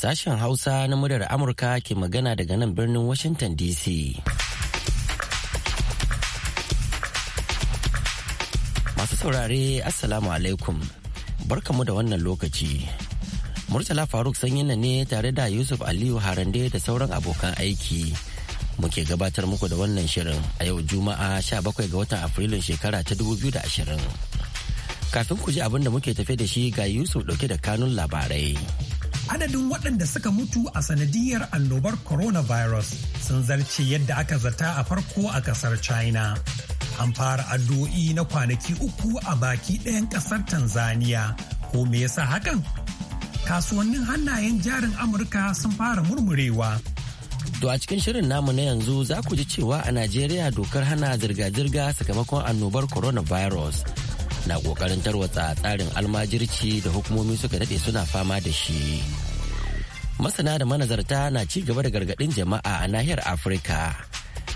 Sashen Hausa na muryar Amurka ke magana daga nan birnin Washington DC. Masu saurare Assalamu alaikum. Barkamu da wannan lokaci. Murtala Faruk sanyin ne tare da Yusuf Aliyu Harande da sauran abokan aiki. Muke gabatar muku da wannan shirin a yau Juma'a 17 ga watan Afrilun shekara ta 2020. Kafin ku ji abin da muke tafe da shi ga Yusuf dauke da kanun labarai. adadin waɗanda suka mutu a sanadiyar annobar coronavirus sun zarce yadda aka zata a farko a ƙasar china an fara addu'o'i na kwanaki uku a baki ɗayan ƙasar tanzania ko me yasa hakan kasuwannin hannayen jarin amurka sun fara murmurewa To a cikin shirin namu na yanzu za ku ji cewa a Najeriya dokar hana zirga-zirga sakamakon annobar coronavirus na kokarin tarwatsa tsarin almajirci da hukumomi suka daɗe suna fama da shi masana da manazarta na ci gaba da gargaɗin jama'a a nahiyar afirka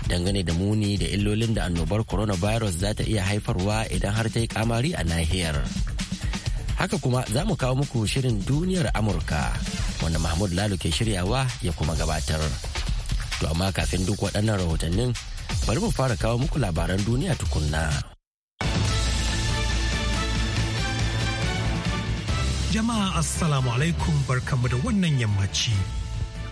dangane da muni da illolin da annobar coronavirus za ta iya haifarwa idan har ta yi kamari a nahiyar haka kuma za mu kawo muku shirin duniyar amurka wanda mahmud lalu ke shiryawa ya kuma gabatar to amma kafin duk waɗannan rahotannin bari mu fara kawo muku labaran duniya tukunna. Jama'a Assalamu alaikum barkamu da wannan yammaci.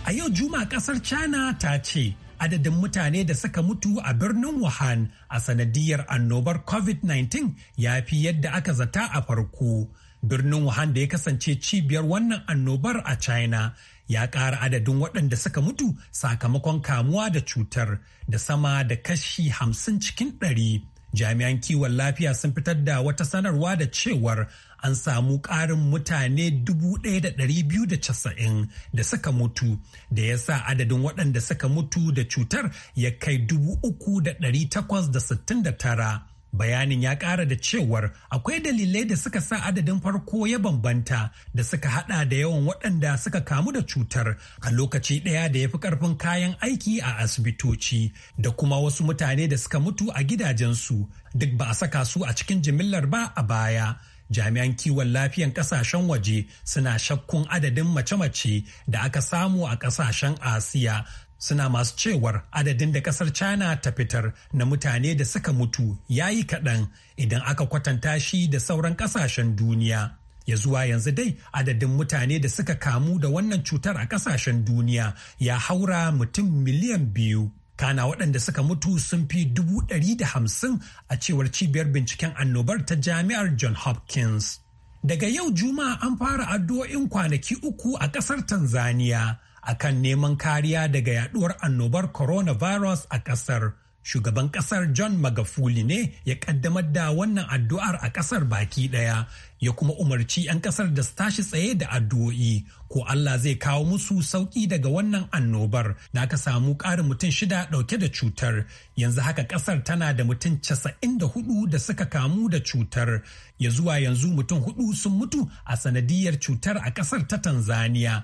A yau Juma kasar China ta ce adadin mutane da suka mutu a birnin Wuhan a sanadiyar annobar COVID-19 ya fi yadda aka zata a farko. Birnin Wuhan da ya kasance cibiyar wannan annobar a China ya ƙara adadin waɗanda suka mutu sakamakon kamuwa da cutar da sama da kashi hamsin cikin ɗari. Jami'an kiwon lafiya sun fitar da wata sanarwa da cewar an samu ƙarin mutane 1,290 da suka mutu da ya sa adadin waɗanda suka mutu da cutar ya kai 3,869 bayanin ya ƙara da cewar akwai dalilai da suka sa adadin farko ya bambanta da suka hada da yawan waɗanda suka kamu da cutar a lokaci ɗaya da ya fi ƙarfin kayan aiki a asibitoci da kuma wasu mutane da suka mutu a gidajensu duk ba a saka su a cikin jimillar ba a baya jami'an kiwon lafiyan kasashen waje suna shakkun adadin mace-mace da aka samu a kasashen asiya suna masu cewar adadin da kasar china ta fitar na mutane da suka mutu ya yi kaɗan idan aka kwatanta shi da sauran kasashen duniya ya zuwa yanzu dai adadin mutane da suka kamu da wannan cutar a kasashen duniya ya haura mutum miliyan biyu kana waɗanda suka mutu sun fi dubu ɗari da hamsin a cewar cibiyar binciken annobar ta jami'ar john hopkins daga yau juma'a an fara addu'o'in kwanaki uku a ƙasar tanzania akan neman kariya daga yaduwar annobar coronavirus a ƙasar shugaban ƙasar john magafuli ne ya ƙaddamar da wannan addu'ar a ƙasar baki ɗaya, ya kuma umarci 'yan ƙasar da su tashi tsaye da addu'o'i ko allah zai kawo musu sauƙi daga wannan annobar da aka samu ƙarin mutum shida ɗauke da cutar yanzu haka ƙasar tana da mutum casa'in da hudu da suka kamu da cutar ya zuwa yanzu mutum hudu sun mutu a sanadiyar cutar a ƙasar ta tanzania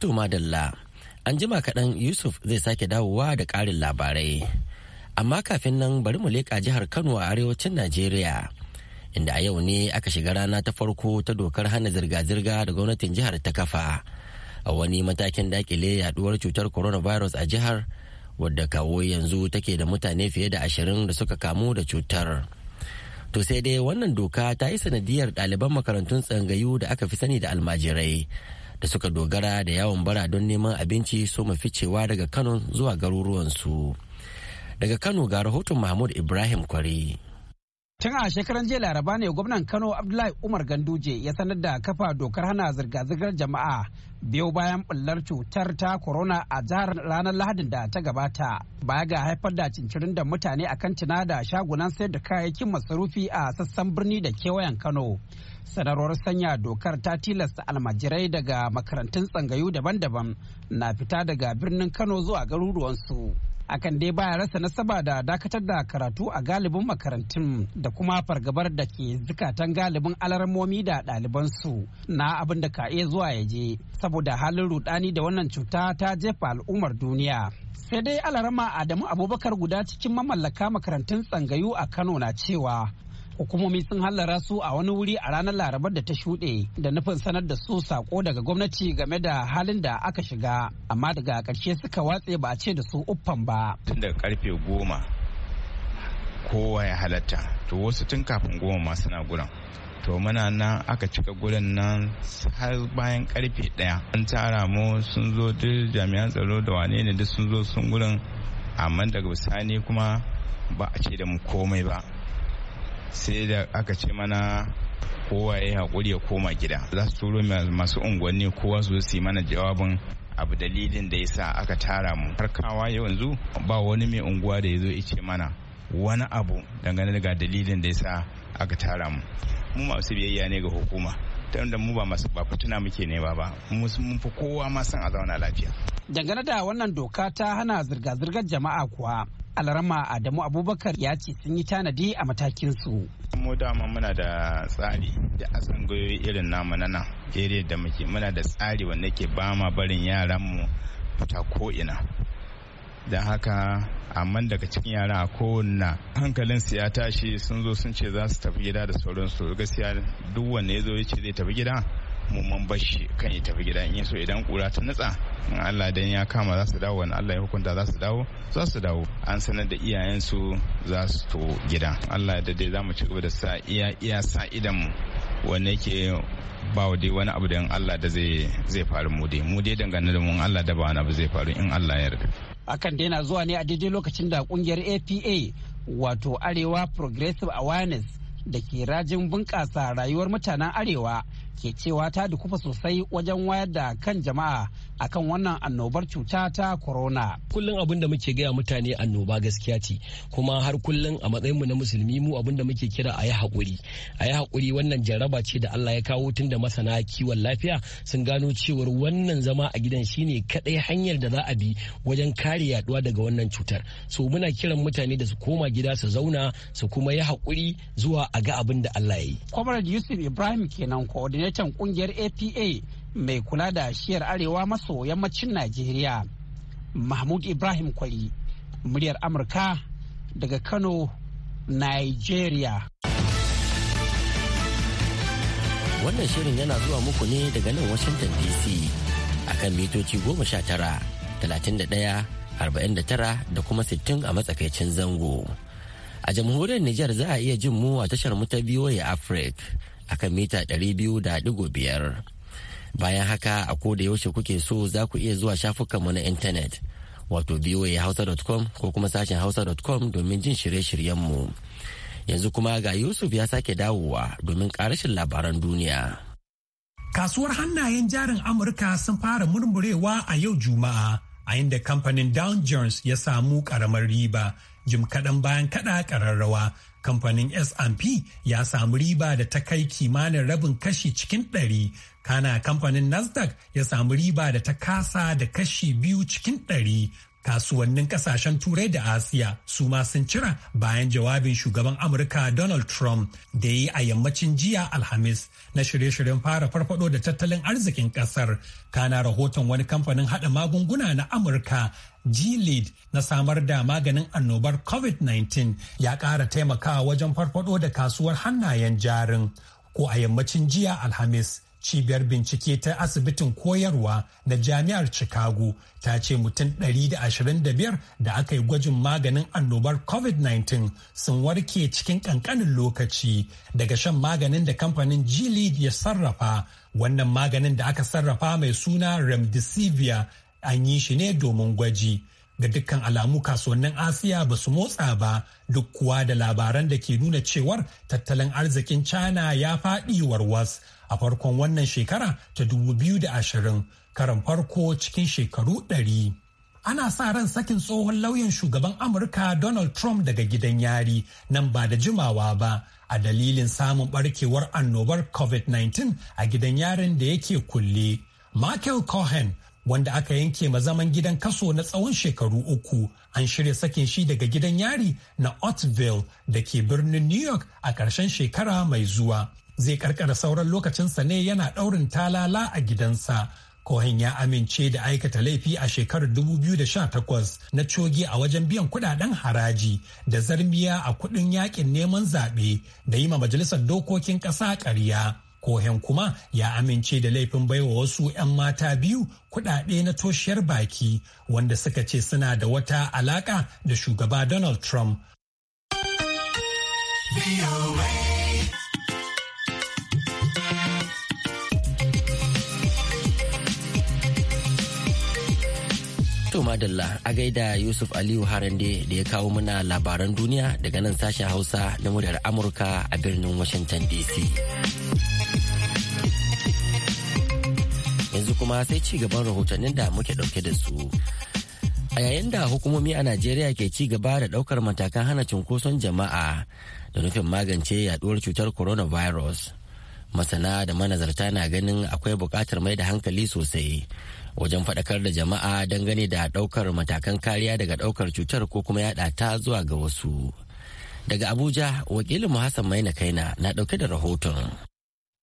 To madalla An jima kaɗan Yusuf zai sake dawowa da ƙarin labarai. Amma kafin nan bari mu leƙa jihar Kano a arewacin Najeriya. Inda a yau ne aka shiga rana ta farko ta dokar hana zirga-zirga da gwamnatin jihar ta kafa. A wani matakin dakile yaduwar cutar coronavirus a jihar wadda kawo yanzu take da mutane fiye da ashirin da suka kamu da cutar. To sai dai wannan doka ta yi sanadiyar ɗaliban makarantun tsangayu da aka fi sani da almajirai da suka dogara da yawon bara don neman abinci so ficewa daga kano zuwa garuruwansu daga kano ga rahoton mahmud ibrahim kwari Tun a shekaran jiya laraba ne gwamnan Kano Abdullahi Umar Ganduje ya sanar da kafa dokar hana zirga-zirgar jama'a biyo bayan bullar cutar ta corona a jihar ranar Lahadin da ta gabata. Baya ga haifar da cincirin da mutane a kantina da shagunan sayar da kayayyakin masarufi a sassan birni da kewayen Kano. Sanarwar sanya dokar ta tilasta almajirai daga makarantun tsangayu daban-daban na fita daga birnin Kano zuwa garuruwansu. akan dai baya rasa nasaba da dakatar da karatu a galibin makarantun da kuma fargabar da ke zikatan galibin alarmomi da ɗalibansu na abin da ka zuwa ya je saboda halin rudani da wannan cuta ta jefa al'ummar duniya sai dai alarama adamu abubakar guda cikin mamallaka makarantun tsangayu a kano na cewa hukumomi sun hallara su a wani wuri a ranar larabar da ta shuɗe da nufin sanar da su sako daga gwamnati game da halin da aka shiga amma daga ƙarshe suka watse ba a ce da su uffan ba tun daga karfe goma kowa ya halatta to wasu tun kafin goma ma suna gurin to muna nan aka cika gurin nan har bayan karfe ɗaya an tara mu sun zo duk jami'an tsaro da wane ne duk sun zo sun gurin amma daga bisani kuma ba a ce da mu komai ba sai da aka ce mana kowa ya haƙuri ya koma gida za su turo masu unguwanni kowa su yi mana jawabin abu dalilin da ya sa aka tara mu harkawa yanzu ba wani mai unguwa da ya zo ya ce mana wani abu dangane daga dalilin da ya sa aka tara mu mu masu biyayya ne ga hukuma ta mu ba masu ba fituna muke ne ba ba mun fi kowa ma san a zauna lafiya dangane da wannan doka ta hana zirga-zirgar jama'a kuwa alarama adamu abubakar ya ce sun yi tanadi a matakin su mu dama muna da tsari da a tsangayoyi irin namu na nan area da muke muna da tsari wanda ke ba ma barin yaran mu fita ko ina da haka amma daga cikin yara a kowanne hankalin su ya tashi sun zo sun ce za su tafi gida da sauransu gaskiya duk wanda ya zo ya ce zai tafi gida mumman bashi kan ya tafi gida in so idan kura ta nutsa in Allah dan ya kama za su dawo wani Allah ya hukunta za su dawo za su dawo an sanar da iyayensu su za su to gida Allah da dai za mu ci gaba da sa iya iya sa idan mu wanda yake ba dai wani abu da Allah da zai faru mu dai mu dai dangane da mun Allah da ba wani abu zai faru in Allah ya yarda akan daina zuwa ne a daidai lokacin da kungiyar APA wato Arewa Progressive Awareness da ke rajin bunƙasa rayuwar mutanen Arewa ke cewa ta dukufa sosai wajen wayar da kan jama'a akan wannan annobar cuta ta corona. Kullum abin da muke gaya mutane annoba gaskiya ce kuma har kullum a matsayin mu na musulmi mu abin da muke kira a yi haƙuri. A yi haƙuri wannan jaraba ce da Allah ya kawo tun da masana kiwon lafiya sun gano cewar wannan zama a gidan shine kaɗai hanyar da za a bi wajen kare yaduwa daga wannan cutar. So muna kiran mutane da su koma gida su zauna su kuma yi haƙuri zuwa a ga abin da Allah ya yi. Comrade Yusuf Ibrahim kenan coordinator coordinator kungiyar apa mai kula da shiyar arewa maso yammacin najeriya mahmud ibrahim kwali muryar amurka daga kano nigeria wannan shirin yana zuwa muku ne daga nan washington dc akan mitoci goma sha tara talatin da ɗaya arba'in da tara da kuma sittin a matsakaicin zango a jamhuriyar Nijar za a iya jin mu a tashar mu ta biyoyi africa akan mita 200.5 bayan haka a koda yaushe kuke so za ku iya zuwa shafukanmu na intanet wato voahausa.com ko kuma sashen hausa.com domin jin shirye-shiryenmu yanzu kuma ga yusuf ya sake dawowa domin karashin labaran duniya kasuwar hannayen jarin amurka sun fara murmurewa a yau juma'a a inda kamfanin down jones ya samu karamar riba jim kaɗan bayan kaɗa ƙararrawa kamfanin S&P ya samu riba da ta kai kimanin rabin kashi cikin ɗari, kana kamfanin Nasdaq ya samu riba da ta kasa da kashi biyu cikin ɗari kasuwannin kasashen turai da asiya su ma sun cira bayan jawabin shugaban amurka donald trump da yi a yammacin jiya alhamis na shirye-shiryen fara farfado da tattalin arzikin kasar kana rahoton wani kamfanin hada magunguna na amurka g-lead na samar da maganin annobar covid-19 ya kara taimakawa wajen farfado da kasuwar hannayen jarin ko a yammacin jiya alhamis cibiyar bincike ta asibitin koyarwa na jami'ar chicago ta ce mutum 125 da aka yi gwajin maganin annobar covid-19 sun warke cikin kankanin lokaci daga shan maganin da kamfanin g ya sarrafa wannan maganin da aka sarrafa mai suna remdesivir an yi shi ne domin gwaji. Ga dukkan alamu kasuwannin Asiya ba su motsa ba duk kuwa da labaran da ke nuna cewar tattalin arzikin China ya faɗi warwas a farkon wannan shekara ta 2020 karan farko cikin shekaru ɗari. ana sa ran sakin tsohon lauyan shugaban amurka donald trump daga gidan yari nan ba da jimawa ba a dalilin samun barkewar annobar covid-19 a gidan yarin da yake kulle michael cohen wanda aka yanke ma zaman gidan kaso na tsawon shekaru uku an shirya sakin shi daga gidan yari na otville da ke birnin new york a ƙarshen shekara mai zuwa zai karkara sauran lokacinsa ne yana ɗaurin talala a gidansa Cohen ya amince da aikata laifi a shekarar 2018 na coge a wajen biyan kudaden haraji da zarmiya a kudin yakin neman zaɓe da yi ma majalisar dokokin ƙasa ƙarya. Kohen kuma ya amince da laifin baiwa wasu 'yan mata biyu kuɗaɗe na toshiyar baki wanda suka ce suna da wata alaƙa da shugaba Donald Trump. madalla a gaida Yusuf Aliyu Harande da ya kawo mana labaran duniya daga nan sashen Hausa na muryar Amurka a birnin Washington DC. kuma sai ci gaban rahotannin da muke dauke da su. A yayin da hukumomi a Najeriya ke ci gaba da daukar matakan hana cunkoson jama'a da nufin magance yaduwar cutar coronavirus. Masana da manazarta na ganin akwai bukatar mai da hankali sosai wajen faɗakar da jama'a gani da daukar matakan kariya daga daukar cutar ko kuma yada ta zuwa ga wasu. Daga Abuja, wakilin Hassan Maina Kaina na dauke da rahoton.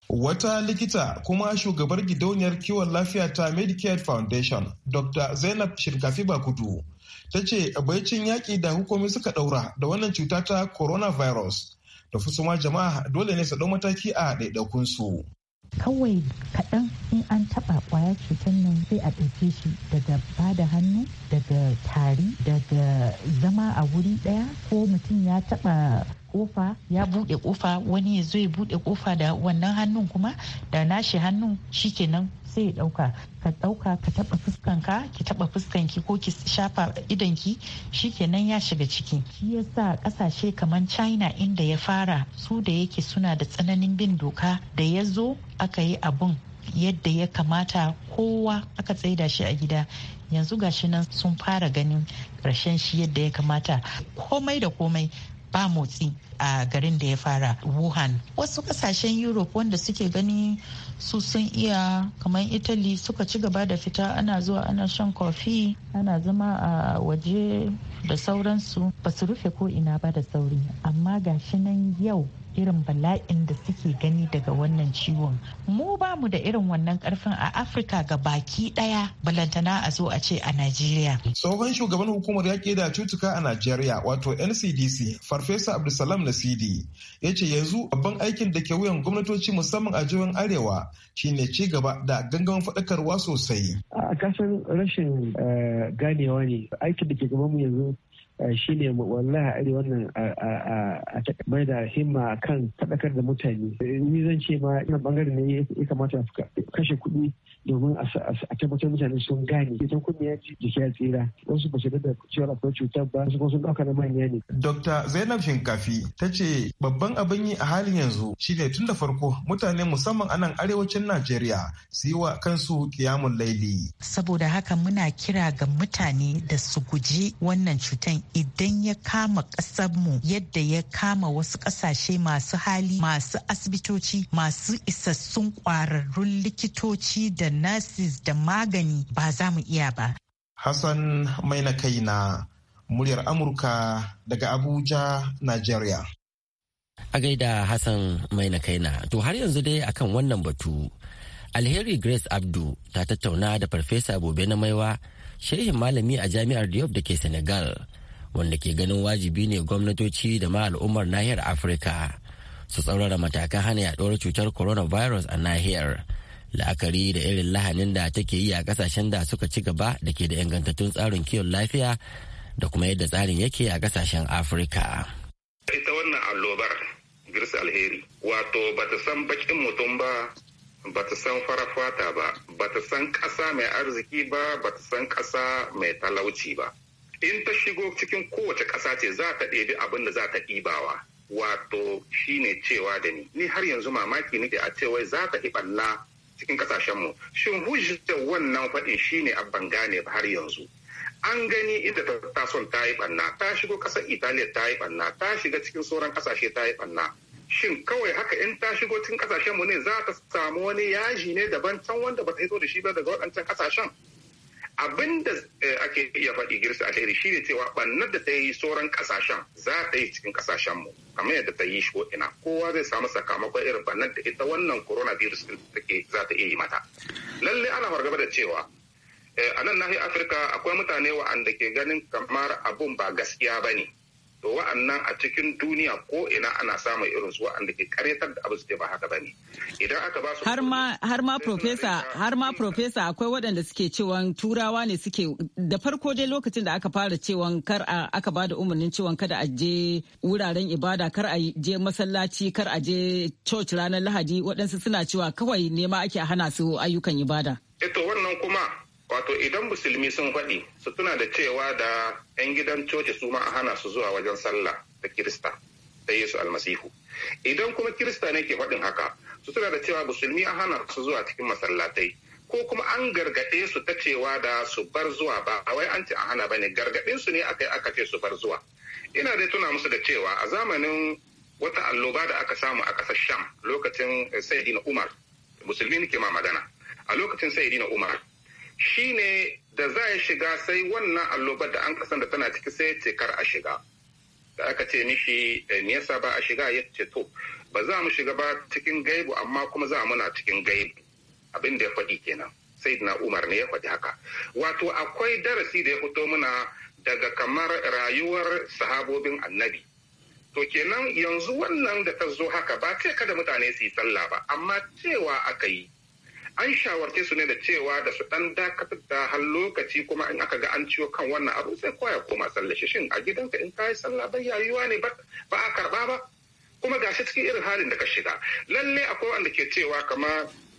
Wata likita kuma shugabar gidauniyar kiwon lafiya ta Medicare Foundation, Dr. Zainab Shirkafi Bakudu, ta ce baicin yaƙi da hukumi suka ɗaura da wannan cuta ta coronavirus da ma jama'a dole ne su ɗau mataki a ɗaiɗaikunsu. Kawai kaɗan in an taɓa ƙwaya cutar nan sai a ɗauke shi daga ba da hannu daga tari daga zama a wuri ɗaya ko mutum ya taɓa kofa ya bude kofa wani ya zo ya buɗe kofa da wannan hannun kuma da nashi hannun shikenan sai ya dauka ka dauka ka taɓa ka ki taɓa ki ko ki shafa idanki shikenan ya shiga ciki shi yasa kasashe kamar china inda ya fara su da yake suna da tsananin bin doka da ya zo aka yi abun yadda ya kamata kowa aka tsaida shi a gida yanzu gashi nan sun fara ganin ƙarshen shi yadda ya kamata komai da komai ba motsi a garin da ya fara wuhan wasu kasashen europe wanda suke gani su sun iya kamar italy suka ci gaba da fita ana zuwa ana shan kofi ana zama a waje da sauransu ba su rufe ko ina ba da sauri amma ga shi nan yau irin bala'in da suke gani daga wannan ciwon mu ba mu da irin wannan karfin a afirka ga baki daya balantana a zo a ce a najeriya tsohon shugaban hukumar yaƙi da cutuka a najeriya wato ncdc farfesa abdulsalam nasidi ya ce yanzu babban aikin da ke wuyan gwamnatoci musamman a jihohin arewa shine ci gaba da gangamin faɗakarwa sosai a kasar rashin eh, ganewa ne aikin da ke gaban mu yanzu Shi eh, shine wallahi a wannan a mai da himma kan faɗakar da mutane eh, ni zan ce ma ina bangare ne ya kamata kashe kuɗi domin a tabbatar mutane sun gane idan kuma ya ji ya tsira wasu ba su da cewa akwai cutar ba su sun ɗauka na manya ne. Dr. Zainab Shinkafi ta ce babban abin yi a halin yanzu shine tun da farko mutane musamman a nan arewacin Najeriya su yi wa kansu kiyamun laili. Saboda haka muna kira ga mutane da su guji wannan cutan idan ya kama mu yadda ya kama wasu ƙasashe masu hali masu asibitoci masu isassun ƙwararrun likitoci da nurses da magani ba za mu iya ba. Hassan mai na kai na muryar Amurka daga Abuja, Nigeria. A gaida Hassan mai na kai na, to har yanzu dai akan wannan batu. Alheri Grace Abdu ta tattauna da Farfesa gobe na Maiwa, shehin malami a jami'ar Diop da ke Senegal, wanda ke ganin wajibi ne gwamnatoci da ma al'ummar nahiyar Afirka su tsaurara matakan hana yaɗuwar cutar coronavirus a nahiyar. la'akari da irin lahanin da take yi a kasashen da suka ci gaba da ke da ingantattun tsarin kiwon lafiya da kuma yadda tsarin yake a kasashen afirka ita wannan allobar gris alheri wato "Ba ta san bakin mutum ba ba ta san farafata ba, ba ta san ƙasa mai arziki ba ba ta san ƙasa mai talauci ba in ta shigo cikin kowace ƙasa ce za ta ɗebi abin da za ta ɗibawa wato shine cewa da ni ni har yanzu mamaki nake a cewa za ta ɓalla cikin kasashenmu shin hujjar wannan faɗin shine a gane ba har yanzu an gani inda ta son ta yi ɓanna ta shigo kasar italiya ta yi ɓanna ta shiga cikin sauran ƙasashe ta yi ɓanna shin kawai haka in ta shigo cikin ƙasashenmu ne za ta samu wani yaji ne daban can wanda ba ta zo da shi ba daga waɗancan ƙasashen abin da eh, ake iya faɗi girsa alheri ne cewa bannar da ta yi sauran kasashen za ta yi cikin kasashen mu kamar yadda ta yi shi ina kowa zai samu sakamakon irin bannar da ita wannan coronavirus din take za ta iya yi mata lalle ana fargaba da cewa eh, a nan nahiyar afirka akwai mutane wa'anda ke ganin kamar abun ba gaskiya ba ne to wa'annan a cikin duniya ko ina ana samun irin su wa'anda ke karetar da abu su ba haka bane idan aka ba su har ma profesa har ma profesa akwai waɗanda suke cewa turawa ne suke da farko dai lokacin da aka fara cewa kar a aka ba da umarnin cewa kada a je wuraren ibada kar a je masallaci kar a je church ranar lahadi waɗansu suna cewa kawai nema ake hana su ayyukan ibada wato idan musulmi sun faɗi su tuna da cewa da 'yan gidan coci su ma a hana su zuwa wajen sallah da kirista da yesu almasihu idan kuma kirista ne ke faɗin haka su tuna da cewa musulmi a hana su zuwa cikin masallatai ko kuma an gargaɗe su ta cewa da su bar zuwa ba a wai an ce a hana bane gargaɗin su ne akai aka ce su bar zuwa ina dai tuna musu da cewa a zamanin wata alloba da aka samu a ƙasar sham lokacin sayyidina umar musulmi ke ma magana a lokacin sayyidina umar Shi ne da za ya shiga sai wannan allobar da an kasan da tana ciki sai ce kar a shiga da aka ce mishi nesa eh, ba a shiga ya ce to ba za mu shiga ba cikin gaibu amma kuma za muna cikin gaibu abin da ya faɗi kenan sai na umar ne ya faɗi haka wato akwai darasi da ya fito muna daga kamar rayuwar sahabobin annabi to kenan yanzu wannan da ta zo haka ba ce kada mutane su yi sallah ba amma cewa aka yi an shawarce su ne da cewa da su dan dakatar da har lokaci kuma in aka ga an ciwo kan wannan abu sai koya koma shi shin a gidanka in kayi sallah bai yayuwa ne ba a karba ba kuma ga shi cikin irin halin da ka shiga lalle akwai wanda ke cewa kama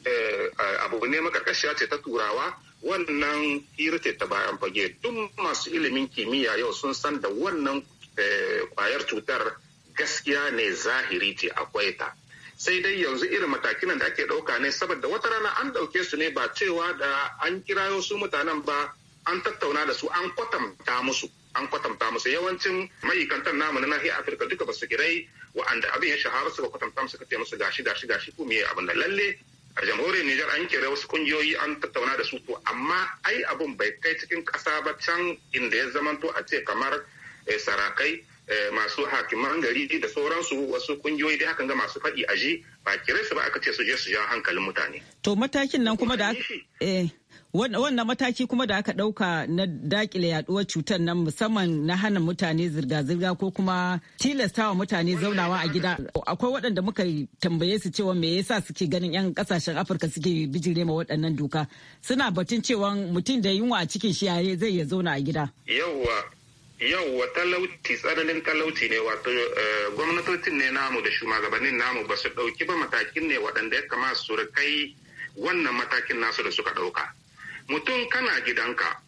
eh, abu ne makarkashiya ce ta turawa wannan hira ce ta bayan fage duk masu ilimin kimiyya yau sun san da wannan eh, kwayar cutar gaskiya ne zahiri ce akwai ta sai dai yanzu irin matakin da ake ɗauka ne saboda wata rana an ɗauke su ne ba cewa da an kirayo su mutanen ba an tattauna da su an kwatanta musu an kwatanta musu yawancin mayikantan namu na nahiyar afirka duka basu girai wa'anda abin ya shahara su ba kwatanta musu ka musu gashi gashi gashi ko me abin da lalle a jamhuriyar Nijar an kira wasu kungiyoyi an tattauna da su to amma ai abun bai kai cikin kasa ba can inda ya zamanto a ce kamar eh, sarakai Eh, masu hakiman gari da sauransu wasu kungiyoyi dai hakan ga masu faɗi a ji ba kire su ba aka ce su je su ja hankalin mutane. To matakin nan kuma da eh, wannan mataki kuma da aka ɗauka na dakile yaduwar cutar nan musamman na hana mutane zirga-zirga ko kuma tilastawa mutane zaunawa a gida akwai waɗanda muka tambaye su cewa me yasa suke ganin 'yan ƙasashen afirka suke bijire ma waɗannan doka suna batun cewa mutum da yunwa a cikin shi zai ya zauna a gida yawwa Yau wa talauci tsananin talauci ne wato eh, gwamnatocin ne namu da shugabannin namu ba su ɗauki ba matakin ne waɗanda ya kama su kai wannan matakin nasu da suka ɗauka mutum kana gidanka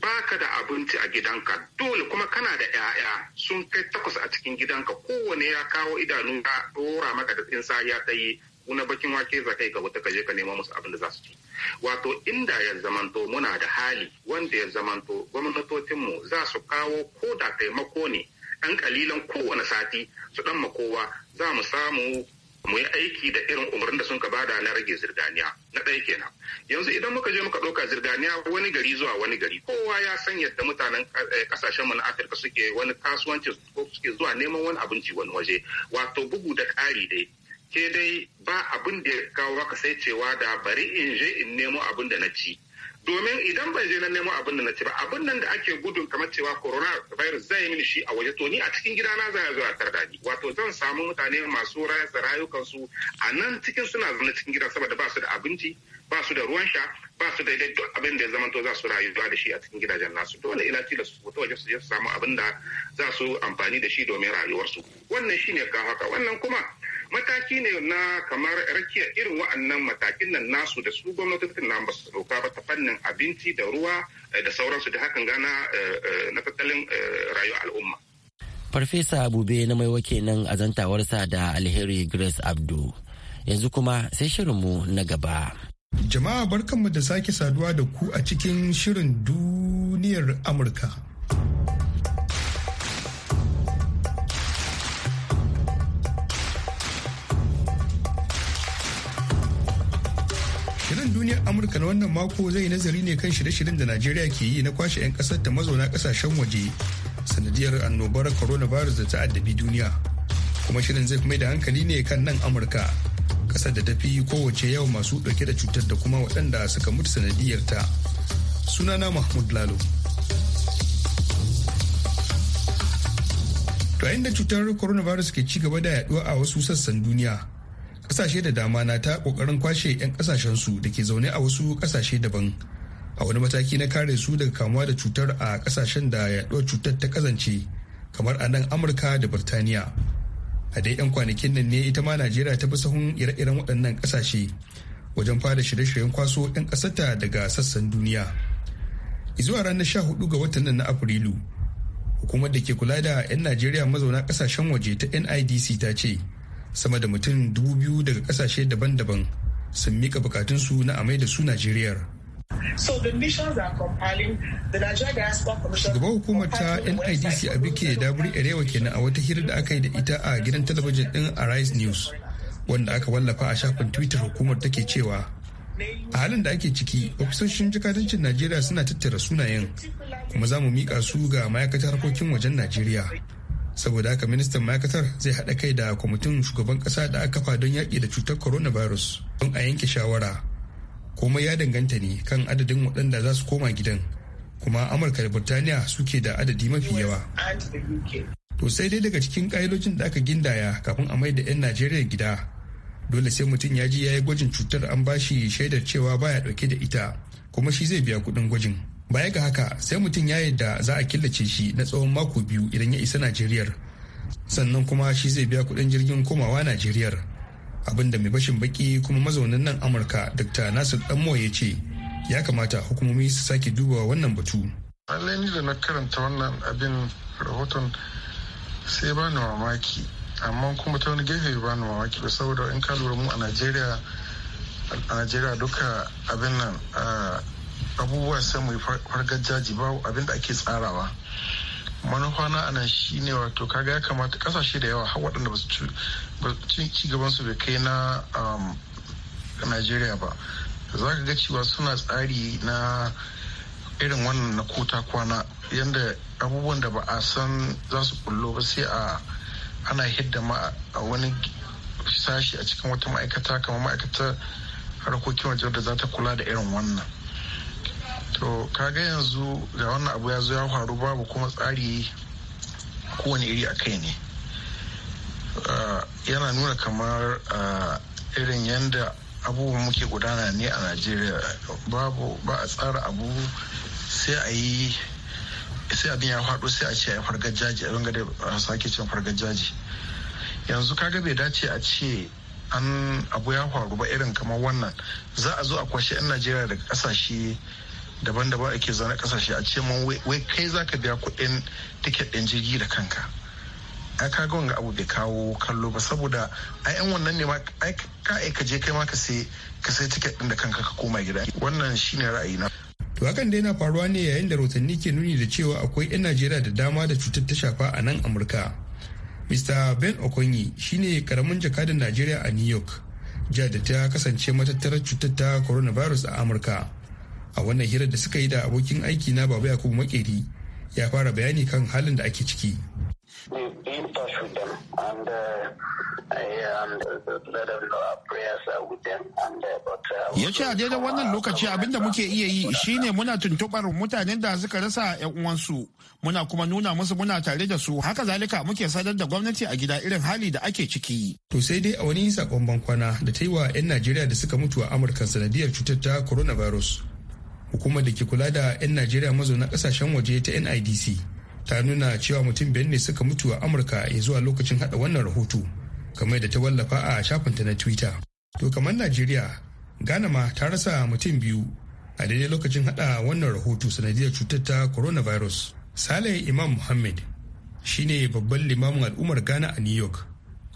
baka da abinci a gidanka dole kuma kana da 'ya'ya sun kai takwas a cikin gidanka kowane ya kawo idanu ya ɗora maka da tsinsa ya tsaye na bakin wake za kai ga wata je ka nema musu abin da za su ci wato inda ya zamanto muna da hali wanda ya zamanto gwamnatocinmu za su kawo ko da taimako ne ɗan kalilan kowane sati su ɗan makowa za mu samu mu yi aiki da irin umarnin da sun ka bada na rage zirganiya na ɗaya kenan yanzu idan muka je muka ɗauka zirganiya wani gari zuwa wani gari kowa ya san yadda mutanen kasashen eh, mu na afirka suke wani kasuwanci suke zuwa neman wani abinci wani waje wato bugu da ƙari dai ke dai ba abin da ya kawo maka sai cewa da bari in je in nemo abin da na ci domin idan ban je na nemo abin da na ci ba abin nan da ake gudun kamar cewa corona virus zai mini shi a waje to ni a cikin gida na zai zo a tarda ni wato zan samu mutane masu su a nan cikin suna zaune cikin gida saboda ba su da abinci ba su da ruwan sha ba su da duk abin da ya zamanto za su rayuwa da shi a cikin gidajen nasu dole ila da su ta waje su ya samu abin da za su amfani da shi domin rayuwarsu wannan shine ka haka wannan kuma mataki ne na kamar rakiya irin wa'annan matakin nan nasu da su gwamnatin nan ba su dauka ba ta fannin abinci da ruwa eh, da sauransu da hakan gana eh, eh, na tattalin rayuwar al'umma. Farfesa Abube na mai wake nan a zantawarsa da Alheri Grace Abdu. Yanzu kuma sai shirinmu na gaba. Jama'a barkanmu da sake saduwa da ku a cikin shirin duniyar Amurka. Shirin duniyar Amurka na wannan mako zai nazari ne kan shirye-shiryen da Najeriya ke yi na kwashe 'yan kasar ta mazauna kasashen waje sanadiyar annobar coronavirus da ta addabi duniya. Kuma shirin zai mai da hankali ne kan nan Amurka. kasar da tafi kowace yau masu dauke da cutar da kuma waɗanda suka mutu sanadiyarta sunana mahmud lalo to da cutar coronavirus ke ci gaba da yaduwa a wasu sassan duniya kasashe da dama na ta kokarin kwashe 'yan kasashensu da ke zaune a wasu kasashe daban a wani mataki na kare su daga kamuwa da cutar a kasashen da yaduwar cutar ta kazance kamar a nan amurka da birtaniya a dai 'yan kwanakin nan ne ita ma najeriya ta fi sahun ire-iren waɗannan ƙasashe wajen fara shirye-shiryen kwaso 'yan ƙasarta daga sassan duniya zuwa ranar sha hudu ga watan nan na afrilu hukumar da ke kula da 'yan najeriya mazauna ƙasashen waje ta nidc ta ce sama da mutum dubu biyu daga ƙasashe daban-daban sun mika bukatunsu na amai da su najeriyar Gaba hukumar ta NIDC a bike daburi Erewa kenan a wata hira da aka yi da ita a gidan talabijin din Arise News wanda aka wallafa a shafin Twitter hukumar take cewa a halin da ake ciki ofisoshin jikadancin Najeriya suna tattara sunayen kuma za mu miƙa su ga ma'aikatar harkokin wajen Najeriya. Saboda haka ministan ma'aikatar zai haɗa kai da kwamitin shugaban ƙasa da aka kafa don yaƙi da cutar coronavirus don a yanke shawara. komai ya danganta ne kan adadin waɗanda za su koma gidan kuma amurka da burtaniya suke da adadi mafi yawa to sai dai daga cikin ƙa'idojin da aka gindaya kafin a mai da 'yan najeriya gida dole sai mutum ya ji ya yi gwajin cutar an ba shi shaidar cewa baya ɗauke da ita kuma shi zai biya kuɗin gwajin baya ga haka sai mutum ya yadda za a killace shi na tsawon mako biyu idan ya isa Najeriya sannan kuma shi zai biya kuɗin jirgin komawa Najeriya. abinda mai bashin baki kuma mazaunin nan amurka dr nasir danmo ya ce ya kamata hukumomi su sake duba wannan batu lallai ni da na karanta wannan abin rahoton sai ba ni mamaki amma kuma ta wani gefe ba ni mamaki ba saboda in ka lura mu a najeriya a najeriya duka abin nan ah, abubuwa sai mu fargar jaji ba abin da ake tsarawa manufana na ana shi ne wato kaga ya kamata kasashe da yawa har waɗanda ba su ci gaban su bai kai na um, najeriya ba za ka ga cewa suna tsari na irin wannan na kota kwana yadda abubuwan da ba a san za su bullo ba sai a ana hidda ma a wani sashi a cikin wata ma'aikata kamar ma'aikatar harkokin wajen da za ta kula da irin wannan to kaga yanzu ga wannan abu ya zo ya faru babu kuma tsari kowane iri a kai ne ah, yana nuna kamar ah, irin yadda abubuwan muke gudana ne a najeriya babu ba a tsara abu sai a yi sai abin ya faɗo sai a ce a fargar jaji abin gada a sake cin fargar jaji yanzu kaga bai dace a ce an abu ya faru ba irin kamar wannan za a zo a kwashe 'yan najeriya daga kasashe daban-daban ake zane kasashe a ce man wai kai zaka biya kuɗin tiket ɗin jirgi da kanka ai ka ga wanga abu bai kawo kallo ba saboda ai yan wannan ne ma ai ka ai ka je kai ma ka sai ka sai tiket ɗin da kanka ka koma gida wannan shine ra'ayina to hakan dai yana faruwa ne yayin da rotanni ke nuni da cewa akwai 'yan najeriya da dama da cutar ta shafa a nan amurka mr ben okonyi shine karamin jakadan najeriya a new york jihar da ta kasance matattarar cutar ta coronavirus a amurka a wannan hirar da suka yi da abokin aiki na baba yakubu makeri ya fara bayani kan halin da ake ciki ya ce a daidai wannan lokaci abinda muke iya yi shine muna tuntubar mutanen da suka rasa 'yan uwansu muna kuma nuna musu muna tare da su haka zalika muke sadar da gwamnati a gida irin hali da ake ciki to sai dai a wani sakon bankwana da ta yi wa 'yan najeriya da suka mutu a amurka sanadiyar cutar ta coronavirus hukumar da ke kula da 'yan najeriya mazauna kasashen waje ta nidc ta nuna cewa mutum biyar ne suka mutu a amurka ya zuwa lokacin hada wannan rahoto kamar da ta wallafa a shafinta na twitter to kamar najeriya ghana ma ta rasa mutum biyu a daidai lokacin hada wannan rahoto sanadiyar cutar ta coronavirus saleh imam muhammad shine babban limamin al'ummar ghana a new york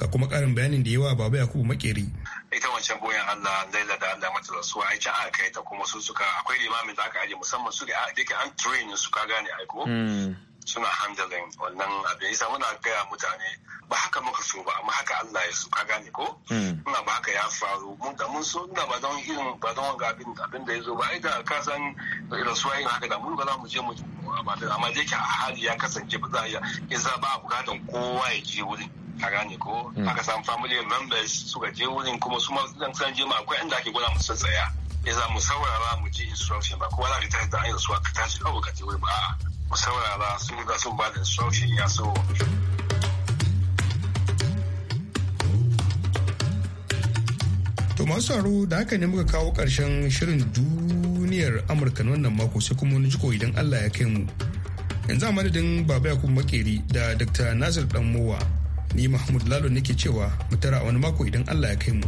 ga kuma karin bayanin da yawa baba yakubu makeri ita wancan goyon Allah laila da Allah mata su ai can aka kai ta kuma su suka akwai limamin da aka aje musamman su da yake an train su ka gane aiko hmm. suna handling wannan abin isa muna gaya mutane ba haka muka so ba amma haka Allah ya su ka gane ko muna hmm. ba haka ya faru mun da mun so da ba don irin ba don wanga abin abin da ya zo ba ai da ka san su irin haka da mun ba za mu je mu amma dai ke a hali ya kasance ba za a iya isa ba a bukatan kowa ya je wurin a gane ko hmm. aka samu family members suka je wurin kuma su ma san je ma akwai inda ake gwada musu tsaya ya za mu saurara mu ji instruction ba kowa za ka tashi da an yi su aka tashi kawai ka je wuri ba mu saurara sun za su ba da instruction ya so To masu da haka ne muka kawo ƙarshen shirin duniyar Amurka na wannan mako sai kuma wani jiko idan Allah ya kai mu. Yanzu a madadin Baba Yakubu Makeri da Dr. Nasir Danmowa Ni Mahmud Lalo nake cewa mutara wani mako idan Allah ya kai mu.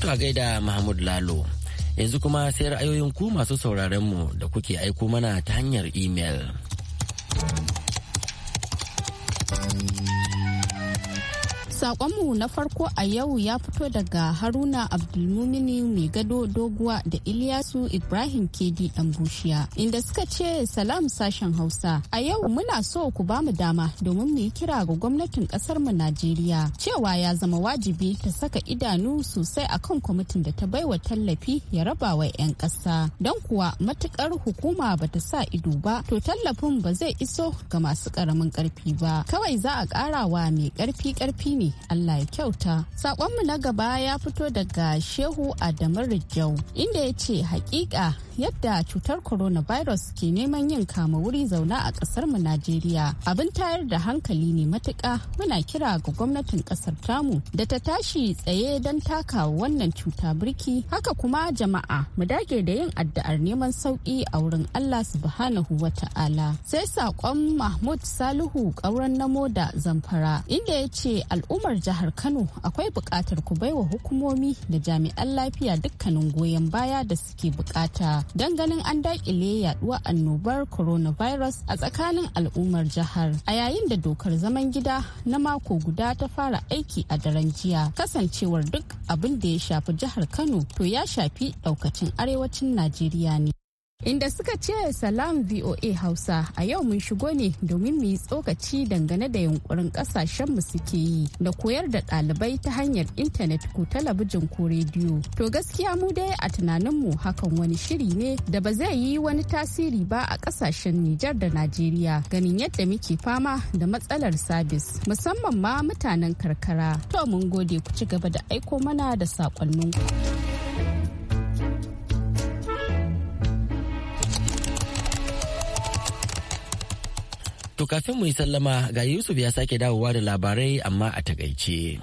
To gaida Mahmud Lalo. Yanzu kuma sai ra'ayoyin ku masu sauraron mu da kuke aiko mana ta hanyar imel. Sakonmu na farko a yau ya fito daga Haruna Abdulmumini mai gado doguwa da Ilyasu Ibrahim Kedi dan Bushiya inda suka ce salam sashen Hausa. A yau muna so ku ba mu dama domin mu yi kira ga gwamnatin kasar mu Najeriya cewa ya zama wajibi ta saka idanu sosai a kan kwamitin da ta baiwa tallafi ya raba wa 'yan ƙasa. Don kuwa matukar hukuma ba ta sa ido ba to tallafin ba zai iso ga masu ƙaramin ƙarfi ba. Kawai za a ƙara mai ƙarfi ƙarfi ne Allah ya kyauta. Sakonmu na gaba ya fito daga Shehu Adamu Rijau inda ya ce hakika yadda cutar coronavirus ke neman yin kama wuri zauna a kasar mu Najeriya abin tayar da hankali ne matuƙa muna kira ga gwamnatin ƙasar tamu da ta tashi tsaye don taka wannan cuta birki haka kuma jama'a mu dage da yin addu'ar neman sauƙi a wurin Allah subhanahu wa ta'ala sai saƙon Mahmud Salihu ƙauren namo da zamfara inda ya ce al'umma al'ummar jihar Kano akwai bukatar ku baiwa hukumomi da jami'an lafiya dukkanin goyon baya da suke buƙata don ganin an daƙile yaduwar annobar coronavirus a tsakanin al'ummar jihar a yayin da dokar zaman gida na mako guda ta fara aiki a daren jiya kasancewar duk abin da ya shafi jihar Kano to ya shafi ɗaukacin arewacin Najeriya ne. inda suka ce salam voa hausa a yau mun shigo ne domin mu yi tsokaci dangane da yunkurin kasashen mu suke yi da koyar da ɗalibai ta hanyar intanet ko talabijin ko rediyo to gaskiya mu dai a tunaninmu hakan wani shiri ne da ba zai yi wani tasiri ba a kasashen nijar da najeriya ganin yadda muke fama da matsalar sabis musamman ma mutanen karkara to mun gode ku ci gaba da aiko mana da saƙonninku. To kafin mu yi sallama ga Yusuf ya sake dawowa da labarai amma a takaice.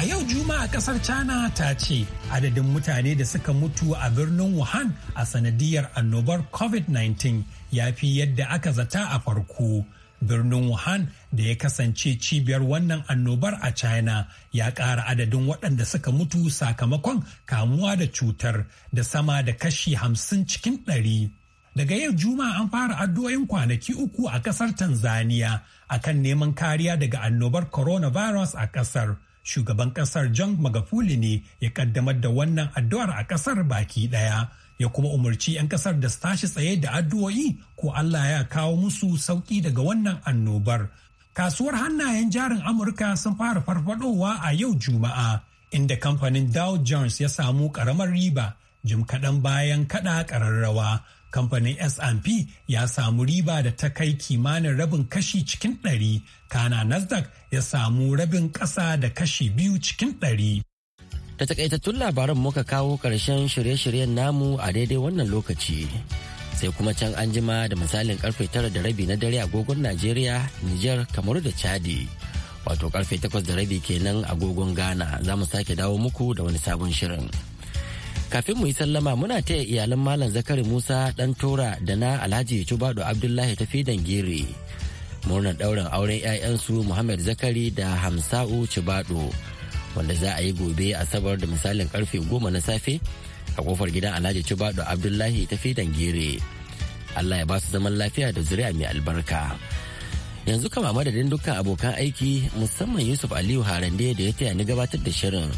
A yau Juma'a kasar China ta ce adadin mutane da suka mutu a birnin Wuhan a sanadiyar annobar COVID-19 ya fi yadda aka zata a farko. birnin Wuhan da ya kasance cibiyar wannan annobar a China ya ƙara adadin waɗanda suka mutu sakamakon kamuwa da cutar da sama da kashi hamsin cikin ɗari. Daga yau Juma'a an fara addu'o'in kwanaki uku a ƙasar Tanzania a kan neman kariya daga annobar coronavirus a ƙasar. Shugaban ƙasar John Magafuli ne ya ƙaddamar da wannan addu'ar a ƙasar baki ɗaya. ya kuma umarci 'yan kasar da su tashi tsaye da addu'o'i ko Allah ya kawo musu sauki daga wannan annobar. Kasuwar hannayen jarin Amurka sun fara farfadowa a yau Juma'a, inda kamfanin Dow Jones ya samu karamar riba jim kaɗan bayan kaɗa ƙararrawa. Kamfanin S&P ya samu riba da ta kai kimanin rabin kashi cikin ɗari, kana Nasdaq ya samu rabin ƙasa da kashi biyu cikin ɗari. Da takaitattun labaran muka kawo ƙarshen shirye-shiryen namu a daidai wannan lokaci. Sai kuma can an jima da misalin karfe tara da rabi na dare agogon Najeriya, Nijar, kamar da Chadi. Wato karfe takwas da rabi kenan agogon Ghana za mu sake dawo muku da wani sabon shirin. kafin mu yi sallama muna taya iyalan malam zakari musa dan tora da na alhaji tubado abdullahi tafi dangere murnar ɗaurin auren 'ya'yansu muhammad zakari da hamsa'u cibado wanda za a yi gobe a sabar da misalin karfe goma na safe a kofar gidan alhaji cibado abdullahi ta fidan gere allah ya ba su zaman lafiya da zuriya mai albarka yanzu kama madadin dukkan abokan aiki musamman yusuf aliyu harande da ya taya ni gabatar da shirin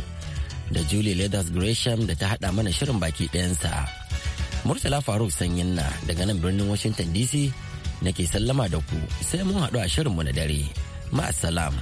da julie leathers gresham da ta hada mana shirin baki ɗayansa murtala faruk sanyin na daga nan birnin washington dc nake sallama da ku sai mun haɗu a shirinmu na dare ma'asalam.